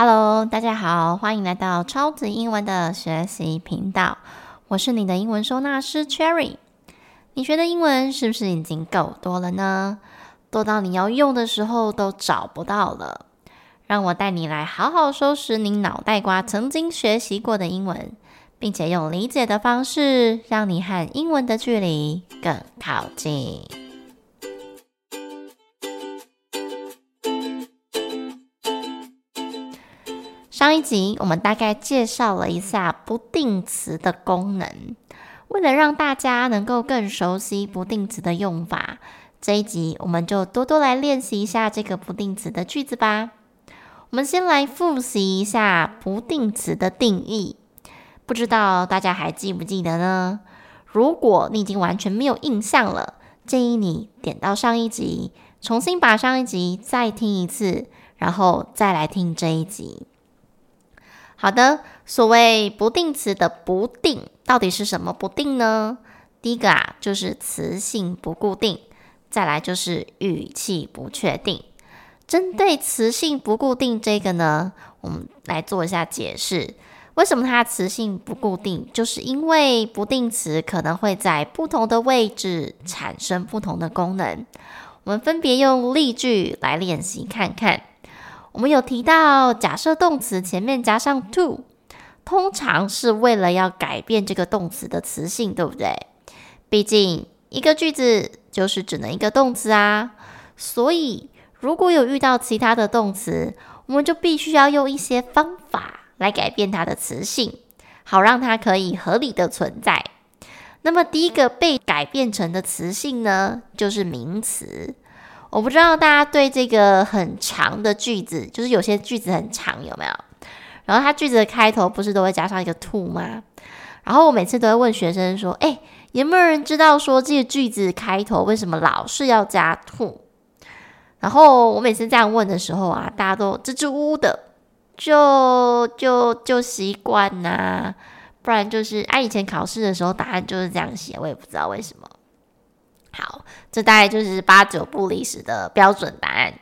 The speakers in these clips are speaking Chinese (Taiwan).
Hello，大家好，歡迎來到超級英文的學習頻道。我是你的英文收納師 Cherry。你學的英文是不是已經夠多了呢？多到你要用的時候都找不到了。讓我帶你來好好收拾你腦袋瓜曾經學習過的英文，並且用理解的方式，讓你和英文的距離更靠近。上一集我們大概介紹了一下不定詞的功能，為了讓大家能夠更熟悉不定詞的用法，這一集我們就多多來練習一下這個不定詞的句子吧。我們先來複習一下不定詞的定義，不知道大家還記不記得呢？如果你已經完全沒有印象了，建議你點到上一集，重新把上一集再聽一次，然後再來聽這一集。好的，所謂不定詞的不定到底是什麼不定呢？第一個啊，就是詞性不固定，再來就是語氣不確定。針對詞性不固定這個呢，我們來做一下解釋。為什麼它詞性不固定？就是因為不定詞可能會在不同的位置產生不同的功能。我們分別用例句來練習看看。我們有提到，假設動詞前面加上 to，通常是為了要改變這個動詞的詞性，對不對？畢竟一個句子就是只能一個動詞啊，所以如果有遇到其他的動詞，我們就必須要用一些方法來改變它的詞性，好讓它可以合理的存在。那麼第一個被改變成的詞性呢，就是名詞。我不知道大家對這個很長的句子，就是有些句子很長有沒有？然後它句子的開頭不是都會加上一個 to 嗎？然後我每次都會問學生說：“哎、欸，有沒有人知道說這個句子的開頭為什麼老是要加 to？” 然後我每次這樣問的時候啊，大家都支支吾吾的，就就就習慣吶，不然就是哎，按以前考試的時候答案就是這樣寫，我也不知道為什麼。好，這大概就是八九不離十的標準答案。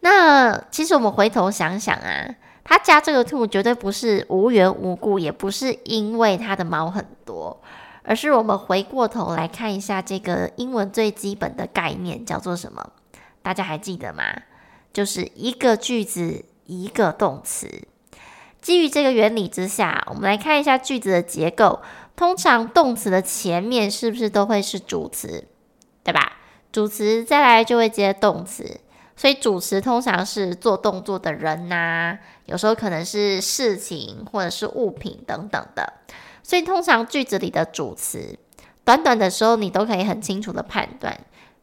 那其實我們回頭想想啊，他加這個 to 絕對不是無緣無故，也不是因為他的毛很多，而是我們回過頭來看一下這個英文最基本的概念叫做什麼？大家還記得嗎？就是一個句子一個動詞。基於這個原理之下，我們來看一下句子的結構，通常動詞的前面是不是都會是主詞？主詞再來就會接動詞，所以主詞通常是做動作的人吶、啊，有時候可能是事情或者是物品等等的。所以通常句子裡的主詞，短短的時候你都可以很清楚的判斷，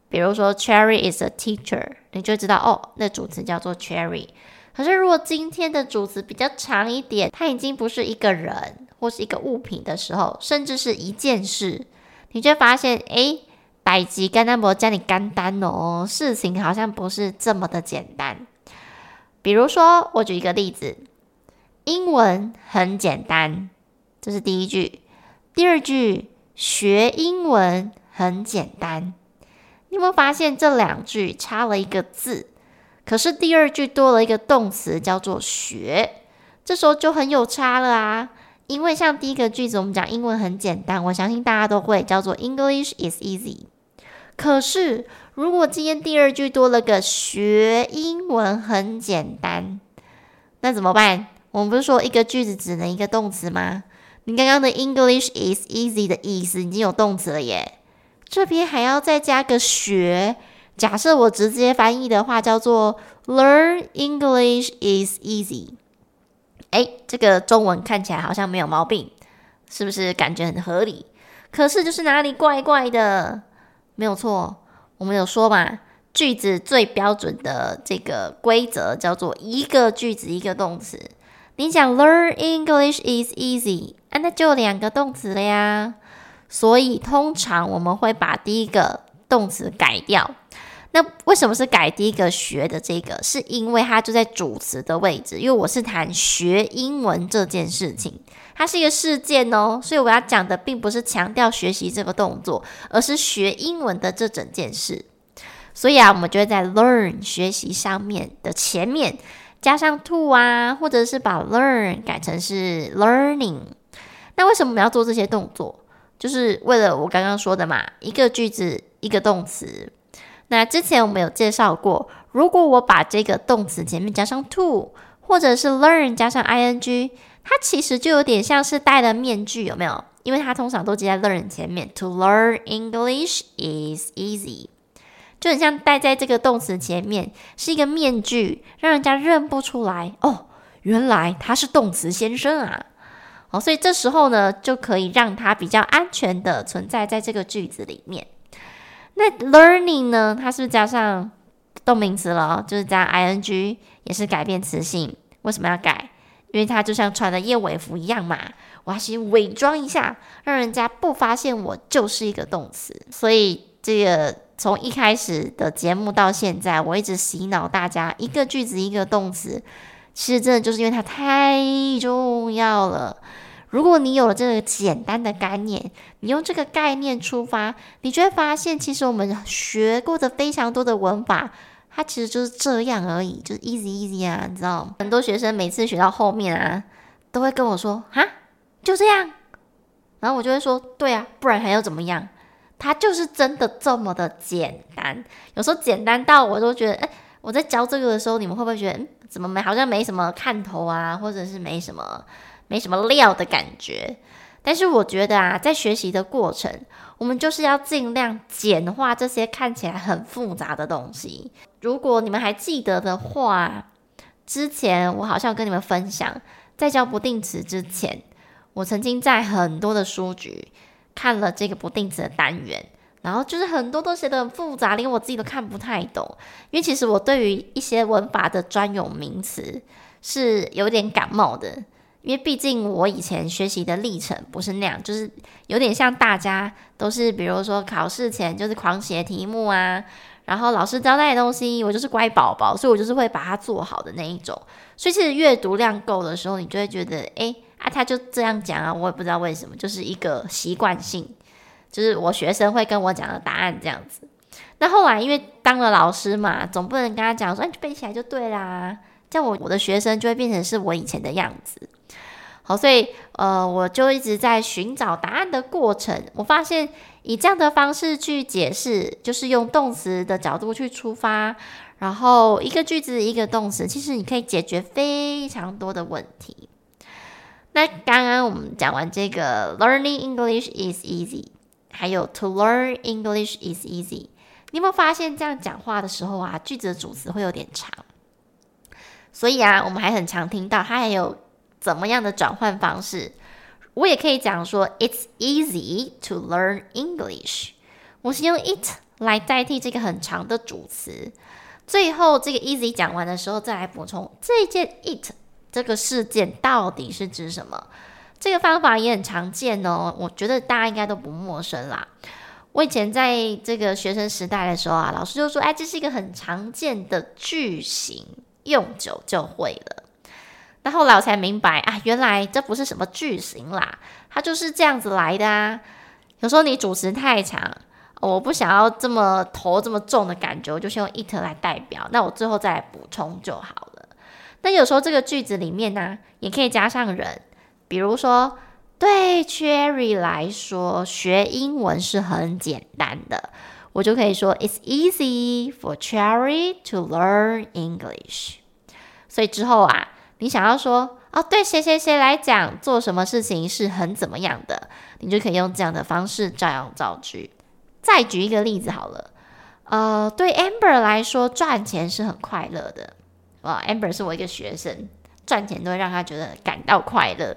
比如說 Cherry is a teacher，你就知道哦，那主詞叫做 Cherry。可是如果今天的主詞比較長一點，它已經不是一個人或是一個物品的時候，甚至是一件事，你就會發現，哎。采及甘單伯家你甘單哦，事情好像不是這麼的簡單。比如說，我舉一個例子，英文很簡單，這是第一句。第二句學英文很簡單，你有沒有發現這兩句差了一個字？可是第二句多了一個動詞，叫做學。這時候就很有差了啊！因為像第一個句子，我們講英文很簡單，我相信大家都會叫做 English is easy。可是，如果今天第二句多了個“學英文很簡單”，那怎麼辦？我們不是說一個句子只能一個動詞嗎？你剛剛的 “English is easy” 的意思已經有動詞了耶，這邊還要再加個“學”。假設我直接翻譯的話，叫做 “Learn English is easy”。哎，這個中文看起來好像沒有毛病，是不是感覺很合理？可是就是哪裡怪怪的。沒有錯，我們有說嘛，句子最標準的這個規則叫做一個句子一個動詞。你講 learn English is easy，啊，那就兩個動詞了呀。所以通常我們會把第一個動詞改掉。那為什麼是改第一個學的這個？是因為它就在主詞的位置。因為我是談學英文這件事情，它是一個事件哦、喔，所以我要講的並不是強調學習這個動作，而是學英文的這整件事。所以啊，我們就會在 learn 學習上面的前面加上 to 啊，或者是把 learn 改成是 learning。那為什麼我們要做這些動作？就是為了我剛剛說的嘛，一個句子，一個動詞。那之前我們有介紹過，如果我把這個動詞前面加上 to，或者是 learn 加上 ing，它其實就有點像是戴了面具，有沒有？因為它通常都接在 learn 前面。To learn English is easy，就很像戴在這個動詞前面是一個面具，讓人家認不出來哦。原來它是動詞先生啊！哦，所以這時候呢，就可以讓它比較安全的存在在這個句子裡面。那 learning 呢？它是不是加上動名詞了？就是加 ING，也是改變詞性。為什麼要改？因為它就像穿了燕尾服一樣嘛，我還是偽裝一下，讓人家不發現我就是一個動詞。所以這個從一開始的節目到現在，我一直洗腦大家，一個句子一個動詞，其實真的就是因為它太重要了。如果你有了這個簡單的概念，你用這個概念出發，你就會發現，其實我們學過的非常多的文法，它其實就是這樣而已，就是 easy easy 啊，你知道，很多學生每次學到後面啊，都會跟我說啊，就這樣，然後我就會說，對啊，不然還要怎麼樣？它就是真的這麼的簡單，有時候簡單到我都覺得，哎、欸。我在教這個的時候，你們會不會覺得嗯怎麼沒好像沒什麼看頭啊，或者是沒什麼沒什麼料的感覺？但是我覺得啊，在學習的過程，我們就是要盡量簡化這些看起來很複雜的東西。如果你們還記得的話，之前我好像跟你們分享，在教不定詞之前，我曾經在很多的書局看了這個不定詞的單元。然後就是很多都寫得很複雜，連我自己都看不太懂。因為其實我對於一些文法的專有名詞是有點感冒的，因為畢竟我以前學習的歷程不是那樣，就是有點像大家都是，比如說考試前就是狂寫題目啊，然後老師交代的東西，我就是乖寶寶，所以我就是會把它做好的那一種。所以其實閱讀量夠的時候，你就會覺得，哎，啊，他就這樣講啊，我也不知道為什麼，就是一個習慣性。就是我學生會跟我講的答案這樣子。那後來因為當了老師嘛，總不能跟他講說“哎、啊，你背起來就對啦”。這樣我我的學生就會變成是我以前的樣子。好，所以呃，我就一直在尋找答案的過程。我發現以這樣的方式去解釋，就是用動詞的角度去出發，然後一個句子一個動詞，其實你可以解決非常多的問題。那剛剛我們講完這個 “Learning English is easy”。還有 to learn English is easy。你有沒有發現，這樣講話的時候啊，句子的主詞會有點長。所以啊，我們還很常聽到它還有怎麼樣的轉換方式。我也可以講說，it's easy to learn English。我是用 it 來代替這個很長的主詞。最後這個 easy 講完的時候，再來補充這件 it 這個事件到底是指什麼？這個方法也很常見哦，我覺得大家應該都不陌生啦。我以前在這個學生時代的時候啊，老師就說：“哎，這是一個很常見的句型，用久就會了。”那後來我才明白啊，原來這不是什麼句型啦，它就是這樣子來的啊。有時候你主詞太長，我不想要這麼頭這麼重的感覺，我就先用 it 來代表，那我最後再來補充就好了。那有時候這個句子裡面呢、啊，也可以加上人。比如說，對 Cherry 來說，學英文是很簡單的。我就可以說 It's easy for Cherry to learn English。所以之後啊，你想要說哦，對誰誰誰來講做什麼事情是很怎麼樣的，你就可以用這樣的方式照樣造句。再舉一個例子好了，呃，對 Amber 來說，賺錢是很快樂的。哇，哦，Amber 是我一個學生，賺錢都會讓他覺得感到快樂。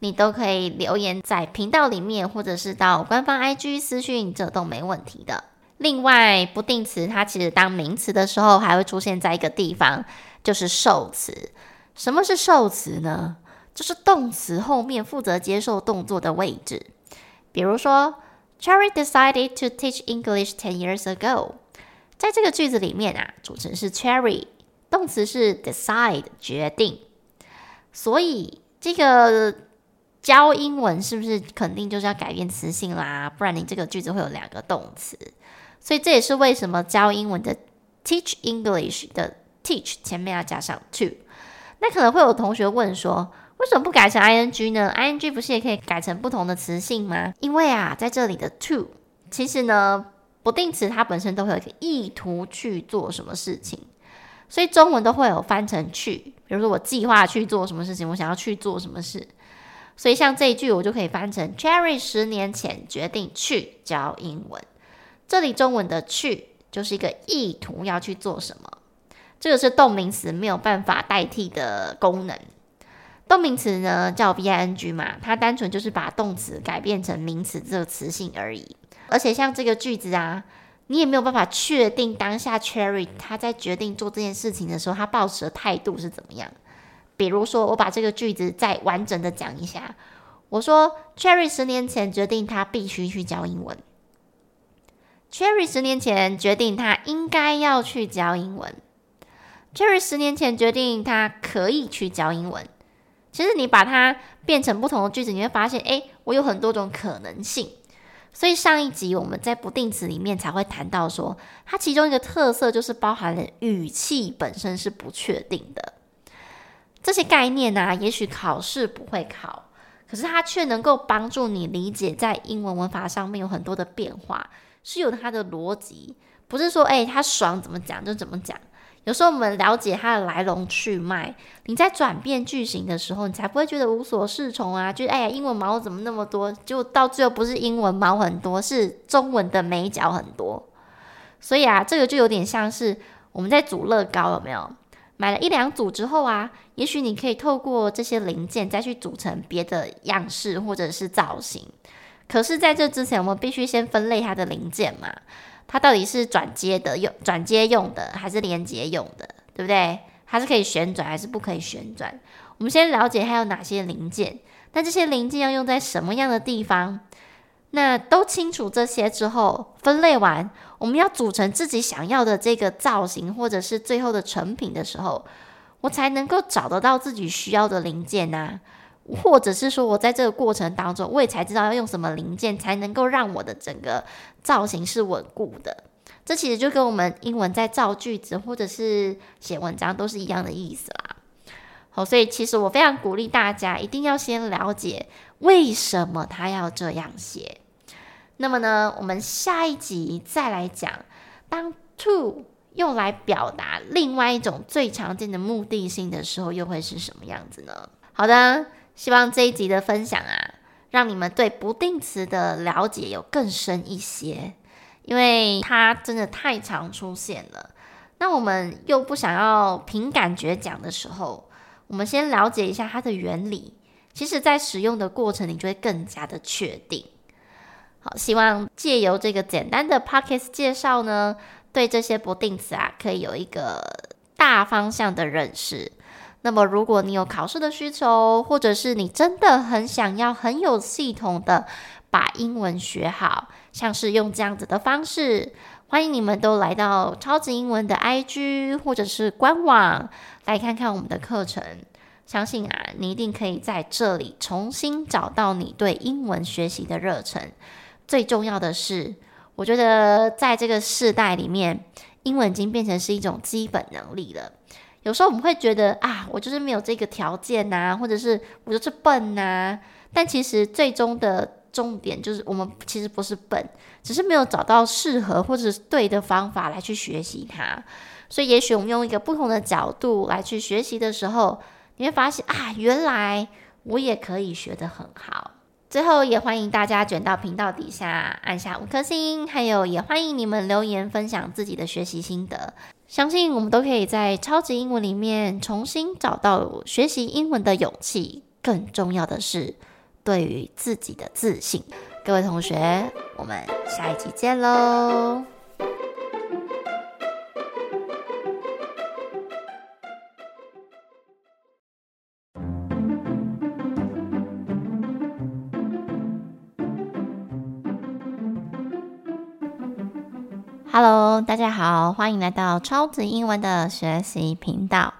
你都可以留言在頻道裡面，或者是到官方 IG 私訊，這都沒問題的。另外，不定詞它其實當名詞的時候，還會出現在一個地方，就是受詞。什麼是受詞呢？就是動詞後面負責接受動作的位置。比如說，Cherry decided to teach English ten years ago。在這個句子裡面啊，主詞是 Cherry，動詞是 decide 決定，所以這個。教英文是不是肯定就是要改變詞性啦、啊？不然你這個句子會有兩個動詞，所以這也是為什麼教英文的 teach English 的 teach 前面要加上 to。那可能會有同學問說，為什麼不改成 ing 呢？ing 不是也可以改成不同的詞性嗎？因為啊，在這裡的 to，其實呢，不定詞它本身都會有一個意圖去做什麼事情，所以中文都會有翻成去，比如說我計劃去做什麼事情，我想要去做什麼事。所以像這一句，我就可以翻成 Cherry 十年前決定去教英文。這裡中文的“去”就是一個意圖要去做什麼，這個是動名詞沒有辦法代替的功能。動名詞呢叫 V I N G 嘛，它單純就是把動詞改變成名詞這個詞性而已。而且像這個句子啊，你也沒有辦法確定當下 Cherry 他在決定做這件事情的時候，他抱持的態度是怎麼樣。比如說，我把這個句子再完整的講一下。我說，Cherry 十年前決定他必須去教英文。Cherry 十年前決定他應該要去教英文。Cherry 十年前決定他可以去教英文。其實你把它變成不同的句子，你會發現，哎，我有很多種可能性。所以上一集我們在不定詞裡面才會談到說，它其中一個特色就是包含了語氣本身是不確定的。這些概念呢、啊，也許考試不會考，可是它卻能夠幫助你理解，在英文文法上面有很多的變化，是有它的邏輯，不是說誒、欸，它爽怎麼講就怎麼講。有時候我們了解它的來龍去脈，你在轉變句型的時候，你才不會覺得無所適從啊。就是哎呀、欸，英文毛怎麼那麼多？就到最後不是英文毛很多，是中文的眉角很多。所以啊，這個就有點像是我們在組樂高，有沒有？買了一兩組之後啊，也許你可以透過這些零件再去組成別的樣式或者是造型。可是，在這之前，我們必須先分類它的零件嘛，它到底是轉接的用、轉接用的，還是連接用的，對不對？它是可以旋轉還是不可以旋轉？我們先了解它有哪些零件，那這些零件要用在什麼樣的地方？那都清楚這些之後，分類完。我們要組成自己想要的這個造型，或者是最後的成品的時候，我才能夠找得到自己需要的零件吶、啊，或者是說我在這個過程當中，我也才知道要用什麼零件才能夠讓我的整個造型是穩固的。這其實就跟我們英文在造句子或者是寫文章都是一樣的意思啦。好，所以其實我非常鼓勵大家一定要先了解為什麼他要這樣寫。那麼呢，我們下一集再來講，當 to 用來表達另外一種最常見的目的性的時候，又會是什麼樣子呢？好的，希望這一集的分享啊，讓你們對不定詞的了解有更深一些，因為它真的太常出現了。那我們又不想要憑感覺講的時候，我們先了解一下它的原理，其實在使用的過程你就會更加的確定。希望借由這個簡單的 podcast 介紹呢，對這些不定詞啊，可以有一個大方向的認識。那麼，如果你有考試的需求，或者是你真的很想要很有系統的把英文學好，像是用這樣子的方式，歡迎你們都來到超級英文的 IG 或者是官網來看看我們的課程。相信啊，你一定可以在這裡重新找到你對英文學習的熱忱。最重要的是，我覺得在這個世代裡面，英文已經變成是一種基本能力了。有時候我們會覺得啊，我就是沒有這個條件吶、啊，或者是我就是笨吶、啊。但其實最終的重點就是，我們其實不是笨，只是沒有找到適合或者是對的方法來去學習它。所以，也許我們用一個不同的角度來去學習的時候，你會發現啊，原來我也可以學得很好。最後也歡迎大家捲到頻道底下按下五顆星，還有也歡迎你們留言分享自己的學習心得。相信我們都可以在超級英文裡面重新找到學習英文的勇氣，更重要的是對於自己的自信。各位同學，我們下一集見嘍！Hello，大家好，歡迎來到超級櫻文的學習頻道。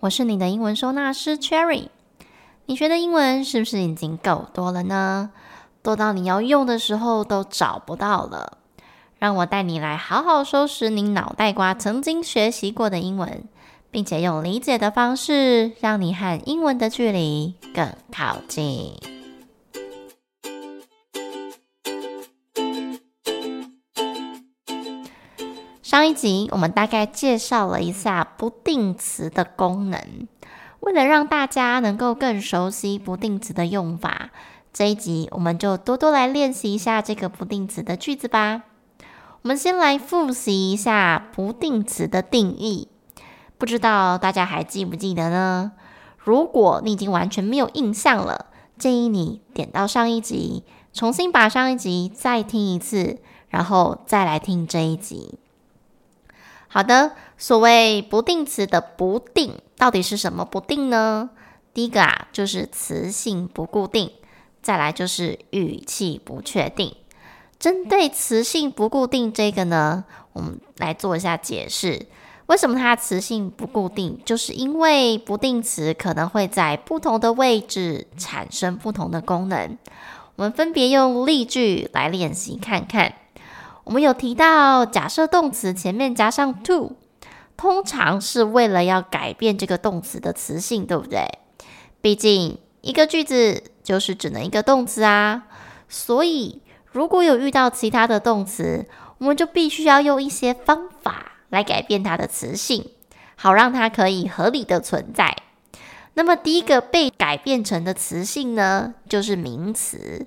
我是你的英文收納師 Cherry。你學的英文是不是已經夠多了呢？多到你要用的時候都找不到了。讓我帶你來好好收拾你腦袋瓜曾經學習過的英文，並且用理解的方式，讓你和英文的距離更靠近。上一集我們大概介紹了一下不定詞的功能，為了讓大家能夠更熟悉不定詞的用法，這一集我們就多多來練習一下這個不定詞的句子吧。我們先來複習一下不定詞的定義，不知道大家還記不記得呢？如果你已經完全沒有印象了，建議你點到上一集，重新把上一集再聽一次，然後再來聽這一集。好的，所謂不定詞的不定，到底是什麼不定呢？第一個啊，就是詞性不固定，再來就是語氣不確定。針對詞性不固定這個呢，我們來做一下解釋。為什麼它詞性不固定？就是因為不定詞可能會在不同的位置產生不同的功能。我們分別用例句來練習看看。我們有提到，假設動詞前面加上 to，通常是為了要改變這個動詞的詞性，對不對？畢竟一個句子就是只能一個動詞啊。所以如果有遇到其他的動詞，我們就必須要用一些方法來改變它的詞性，好讓它可以合理的存在。那麼第一個被改變成的詞性呢，就是名詞。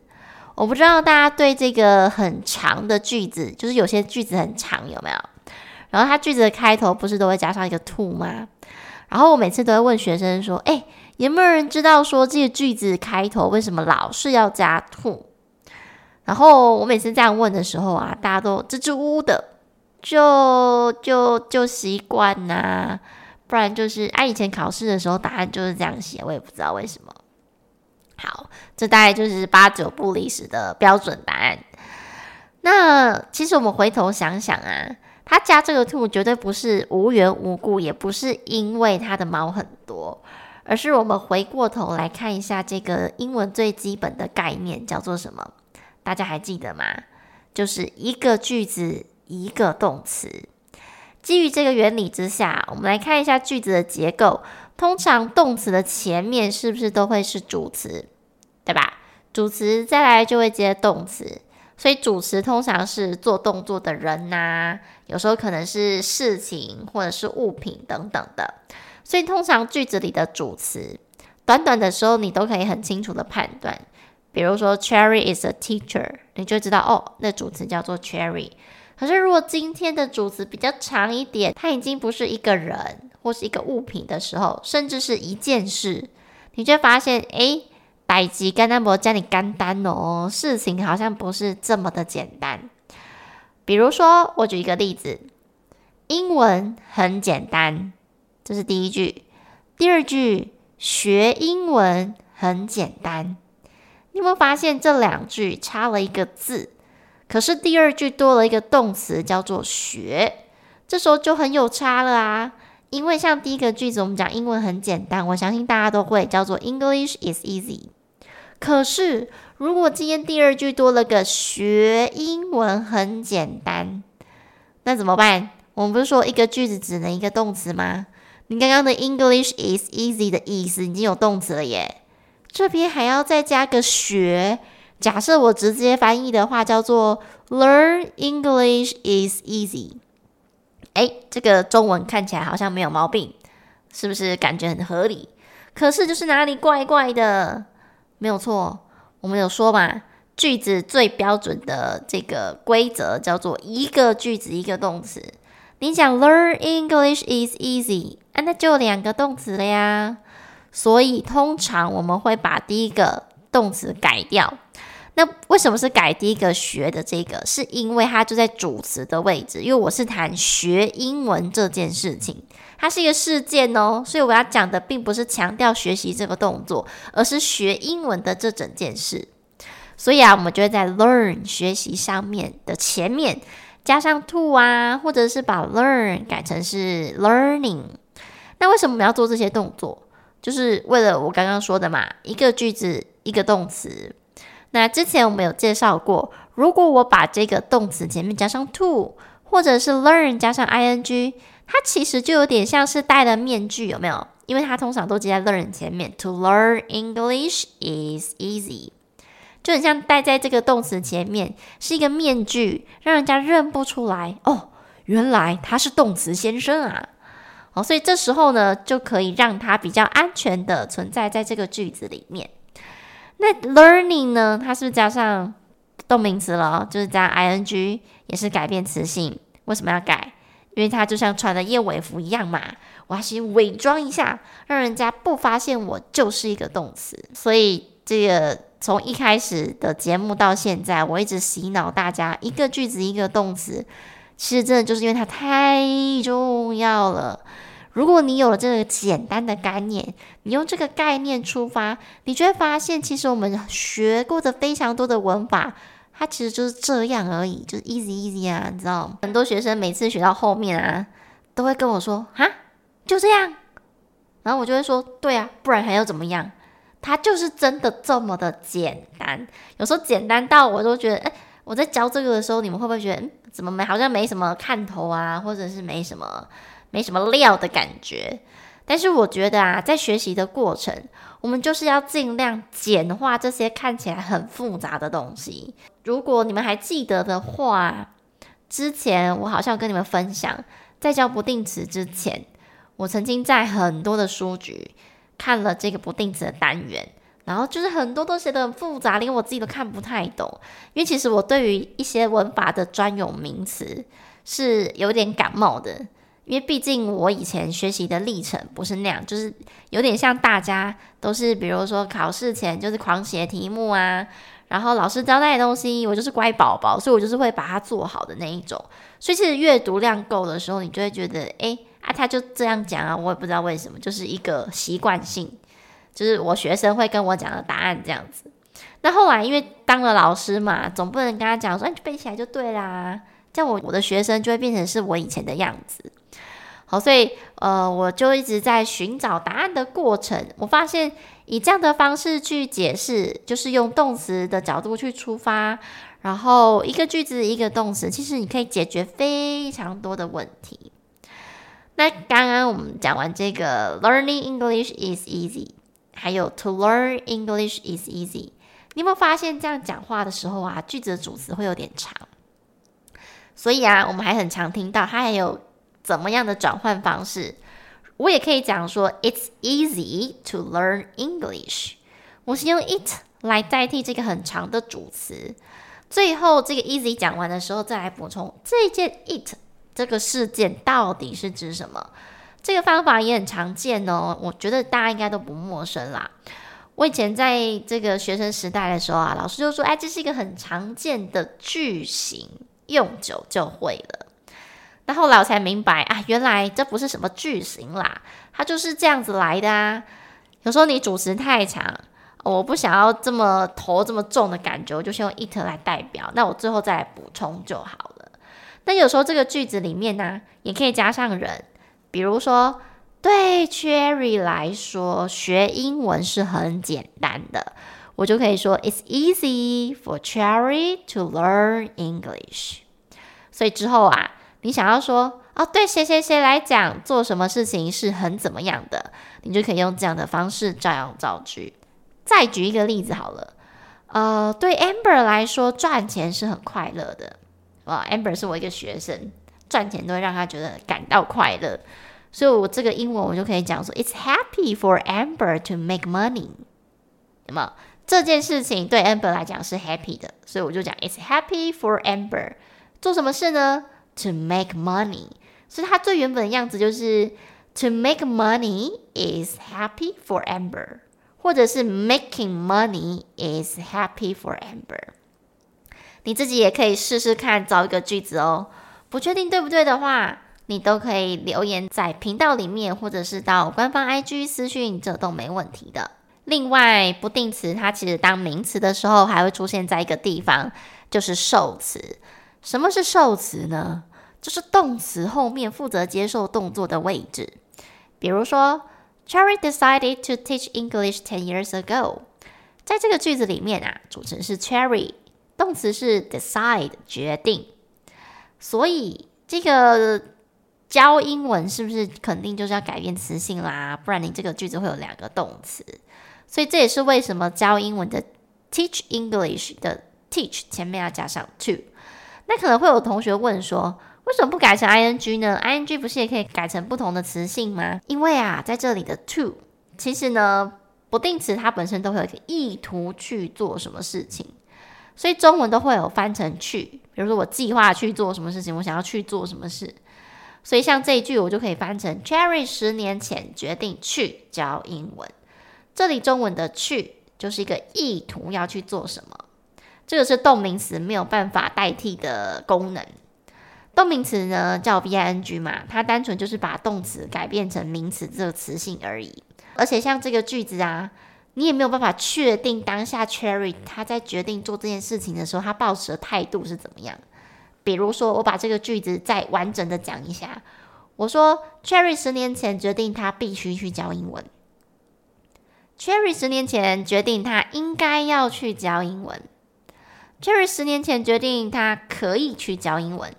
我不知道大家對這個很長的句子，就是有些句子很長有沒有？然後它句子的開頭不是都會加上一個 to 嗎？然後我每次都會問學生說：“哎、欸，有沒有人知道說這個句子的開頭為什麼老是要加 to？” 然後我每次這樣問的時候啊，大家都支支吾吾的，就就就習慣啦，不然就是哎，按以前考試的時候答案就是這樣寫，我也不知道為什麼。好，這大概就是八九不離十的標準答案。那其實我們回頭想想啊，他加這個 to 絕對不是無緣無故，也不是因為他的貓很多，而是我們回過頭來看一下這個英文最基本的概念叫做什麼？大家還記得嗎？就是一個句子一個動詞。基於這個原理之下，我們來看一下句子的結構。通常動詞的前面是不是都會是主詞，對吧？主詞再來就會接動詞，所以主詞通常是做動作的人吶、啊，有時候可能是事情或者是物品等等的。所以通常句子裡的主詞，短短的時候你都可以很清楚的判斷。比如說 Cherry is a teacher，你就知道哦，那主詞叫做 Cherry。可是，如果今天的主詞比較長一點，它已經不是一個人或是一個物品的時候，甚至是一件事，你就會發現，哎，百吉干單伯加你干單哦，事情好像不是這麼的簡單。比如說，我舉一個例子，英文很簡單，這是第一句，第二句，學英文很簡單，你有沒有發現這兩句差了一個字？可是第二句多了一個動詞，叫做學，這時候就很有差了啊！因為像第一個句子，我們講英文很簡單，我相信大家都會，叫做 English is easy。可是如果今天第二句多了個學英文很簡單，那怎麼辦？我們不是說一個句子只能一個動詞嗎？你剛剛的 English is easy 的意思已經有動詞了耶，這邊還要再加個學。假設我直接翻譯的話，叫做 "Learn English is easy"。哎，這個中文看起來好像沒有毛病，是不是感覺很合理？可是就是哪裡怪怪的，沒有錯，我們有說嘛？句子最標準的這個規則叫做一個句子一個動詞。你講 "Learn English is easy"，啊，那就兩個動詞了呀。所以通常我們會把第一個動詞改掉。那為什麼是改第一個學的這個？是因為它就在主詞的位置，因為我是談學英文這件事情，它是一個事件哦。所以我要講的並不是強調學習這個動作，而是學英文的這整件事。所以啊，我們就會在 learn 學習上面的前面加上 to 啊，或者是把 learn 改成是 learning。那為什麼我們要做這些動作？就是為了我剛剛說的嘛，一個句子，一個動詞。那之前我們有介紹過，如果我把這個動詞前面加上 to，或者是 learn 加上 ing，它其實就有點像是戴了面具，有沒有？因為它通常都接在 learn 前面。To learn English is easy，就很像戴在這個動詞前面是一個面具，讓人家認不出來。哦，原來他是動詞先生啊！哦，所以這時候呢，就可以讓他比較安全的存在在這個句子裡面。那 learning 呢？它是不是加上動名詞了？就是加 i n g，也是改變詞性。為什麼要改？因為它就像穿了燕尾服一樣嘛，我還是偽裝一下，讓人家不發現我就是一個動詞。所以這個從一開始的節目到現在，我一直洗腦大家：一個句子一個動詞，其實真的就是因為它太重要了。如果你有了這個簡單的概念，你用這個概念出發，你就會發現，其實我們學過的非常多的文法，它其實就是這樣而已，就是 easy easy 啊，你知道？很多學生每次學到後面啊，都會跟我說：“哈，就這樣。”然後我就會說：“對啊，不然還要怎麼樣？它就是真的這麼的簡單。有時候簡單到我都覺得，誒，我在教這個的時候，你們會不會覺得，嗯，怎麼沒好像沒什麼看頭啊，或者是沒什麼？”沒什麼料的感覺，但是我覺得啊，在學習的過程，我們就是要儘量簡化這些看起來很複雜的東西。如果你們還記得的話，之前我好像跟你們分享，在教不定詞之前，我曾經在很多的書局看了這個不定詞的單元，然後就是很多都寫的很複雜，連我自己都看不太懂。因為其實我對於一些文法的專有名詞是有點感冒的。因為畢竟我以前學習的歷程不是那樣，就是有點像大家都是，比如說考試前就是狂寫題目啊，然後老師交代的東西，我就是乖寶寶，所以我就是會把它做好的那一種。所以其實閱讀量夠的時候，你就會覺得，誒啊，他就這樣講啊，我也不知道為什麼，就是一個習慣性，就是我學生會跟我講的答案這樣子。那後來因為當了老師嘛，總不能跟他講說，啊，你就背起來就對啦。這樣我我的學生就會變成是我以前的樣子。好，所以呃，我就一直在尋找答案的過程。我發現以這樣的方式去解釋，就是用動詞的角度去出發，然後一個句子一個動詞，其實你可以解決非常多的問題。那剛剛我們講完這個 “Learning English is easy”，還有 “to learn English is easy”，你有沒有發現這樣講話的時候啊，句子的主詞會有點長？所以啊，我們還很常聽到它還有。怎麼樣的轉換方式？我也可以講說，It's easy to learn English。我是用 it 來代替這個很長的主詞。最後這個 easy 講完的時候，再來補充這件 it 這個事件到底是指什麼？這個方法也很常見哦，我覺得大家應該都不陌生啦。我以前在這個學生時代的時候啊，老師就說，哎，這是一個很常見的句型，用久就會了。那後來我才明白啊，原來這不是什麼句型啦，它就是這樣子來的啊。有時候你主詞太長，我不想要這麼頭這麼重的感覺，我就先用 it 來代表，那我最後再來補充就好了。那有時候這個句子裡面呢、啊，也可以加上人，比如說對 Cherry 來說，學英文是很簡單的，我就可以說 It's easy for Cherry to learn English。所以之後啊。你想要說哦，對誰誰誰來講做什麼事情是很怎麼樣的，你就可以用這樣的方式照樣造句。再舉一個例子好了，呃，對 Amber 來說，賺錢是很快樂的。哇，Amber 是我一個學生，賺錢都會讓他覺得感到快樂，所以我這個英文我就可以講說 It's happy for Amber to make money。什麼？這件事情對 Amber 來講是 happy 的，所以我就講 It's happy for Amber。做什麼事呢？To make money，所以它最原本的樣子就是 To make money is happy forever，或者是 Making money is happy forever。你自己也可以試試看找一個句子哦。不確定對不對的話，你都可以留言在頻道裡面，或者是到官方 IG 私訊，這都沒問題的。另外，不定詞它其實當名詞的時候，還會出現在一個地方，就是受詞。什麼是受詞呢？就是動詞後面負責接受動作的位置。比如說，Cherry decided to teach English ten years ago。在這個句子裡面啊，主詞是 Cherry，動詞是 decide，決定。所以這個教英文是不是肯定就是要改變詞性啦、啊？不然你這個句子會有兩個動詞。所以這也是為什麼教英文的 teach English 的 teach 前面要加上 to。那可能會有同學問說，為什麼不改成 I N G 呢？I N G 不是也可以改成不同的詞性嗎？因為啊，在這裡的 to，其實呢，不定詞它本身都會有一個意圖去做什麼事情，所以中文都會有翻成去。比如說我計劃去做什麼事情，我想要去做什麼事。所以像這一句，我就可以翻成 Cherry 十年前決定去教英文。這裡中文的去就是一個意圖要去做什麼。這個是動名詞沒有辦法代替的功能。動名詞呢叫 V-ing 嘛，它單純就是把動詞改變成名詞這個詞性而已。而且像這個句子啊，你也沒有辦法確定當下 Cherry 他在決定做這件事情的時候，他抱持的態度是怎麼樣。比如說，我把這個句子再完整的講一下，我說 Cherry 十年前決定他必須去教英文。Cherry 十年前決定他應該要去教英文。Cherry 十年前決定，他可以去教英文。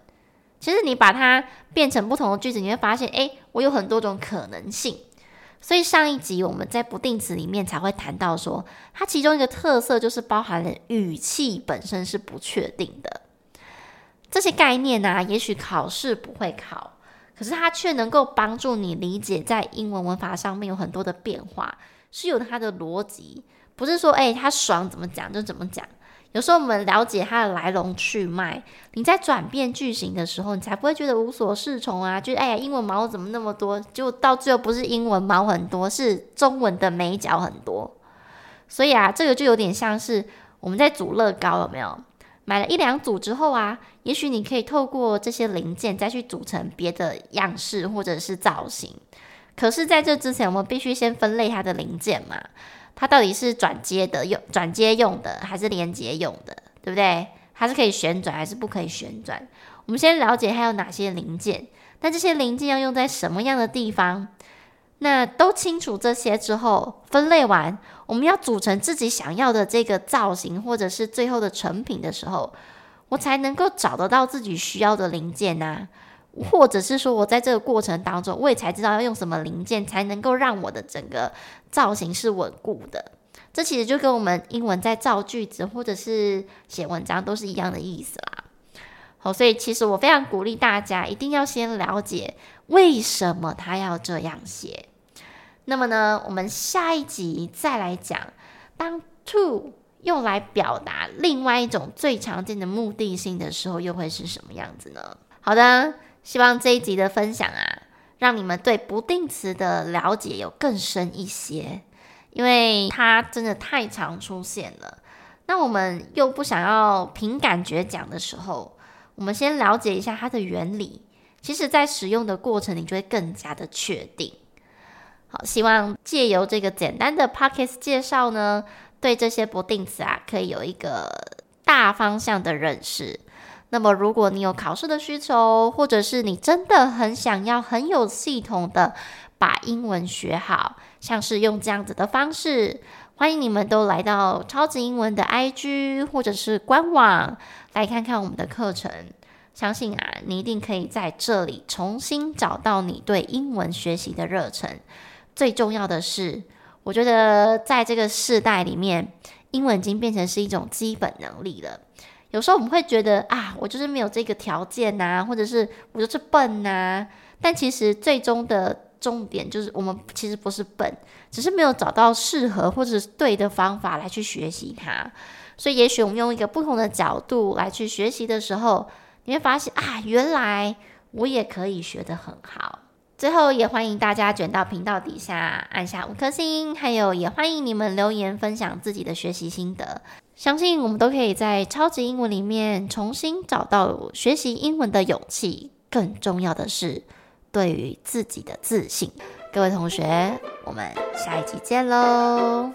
其實你把它變成不同的句子，你會發現，哎、欸，我有很多種可能性。所以上一集我們在不定詞裡面才會談到說，說它其中一個特色就是包含了語氣本身是不確定的。這些概念吶、啊。也許考試不會考，可是它卻能夠幫助你理解，在英文文法上面有很多的變化，是有它的邏輯，不是說哎、欸，他爽怎麼講就怎麼講。有時候我們了解它的來龍去脈，你在轉變句型的時候，你才不會覺得無所適從啊。就哎呀，英文毛怎麼那麼多？就到最後不是英文毛很多，是中文的眉角很多。所以啊，這個就有點像是我們在組樂高，有沒有？買了一兩組之後啊，也許你可以透過這些零件再去組成別的樣式或者是造型。可是，在這之前，我們必須先分類它的零件嘛。它到底是轉接的，用轉接用的，還是連接用的，對不對？它是可以旋轉還是不可以旋轉？我們先了解它有哪些零件，那這些零件要用在什麼樣的地方？那都清楚這些之後，分類完，我們要組成自己想要的這個造型，或者是最後的成品的時候，我才能夠找得到自己需要的零件吶、啊。或者是說，我在這個過程當中，我也才知道要用什麼零件才能夠讓我的整個造型是穩固的。這其實就跟我們英文在造句子或者是寫文章都是一樣的意思啦。好，所以其實我非常鼓勵大家，一定要先了解為什麼他要這樣寫。那麼呢，我們下一集再來講，當 to 用來表達另外一種最常見的目的性的時候，又會是什麼樣子呢？好的。希望這一集的分享啊，讓你們對不定詞的了解有更深一些，因為它真的太常出現了。那我們又不想要憑感覺講的時候，我們先了解一下它的原理。其實，在使用的過程你就會更加的確定。好，希望借由這個簡單的 podcast 介紹呢，對這些不定詞啊，可以有一個大方向的認識。那麼，如果你有考試的需求，或者是你真的很想要很有系統的把英文學好，像是用這樣子的方式，歡迎你們都來到超級英文的 IG 或者是官網來看看我們的課程。相信啊，你一定可以在這裡重新找到你對英文學習的熱忱。最重要的是，我覺得在這個世代裡面，英文已經變成是一種基本能力了。有時候我們會覺得啊，我就是沒有這個條件吶、啊，或者是我就是笨吶、啊。但其實最終的重點就是，我們其實不是笨，只是沒有找到適合或者是對的方法來去學習它。所以，也許我們用一個不同的角度來去學習的時候，你會發現啊，原來我也可以學得很好。最後，也歡迎大家卷到頻道底下按下五顆星，還有也歡迎你們留言分享自己的學習心得。相信我們都可以在超級英文裡面，重新找到學習英文的勇氣。更重要的是，對於自己的自信。各位同學，我們下一集見嘍！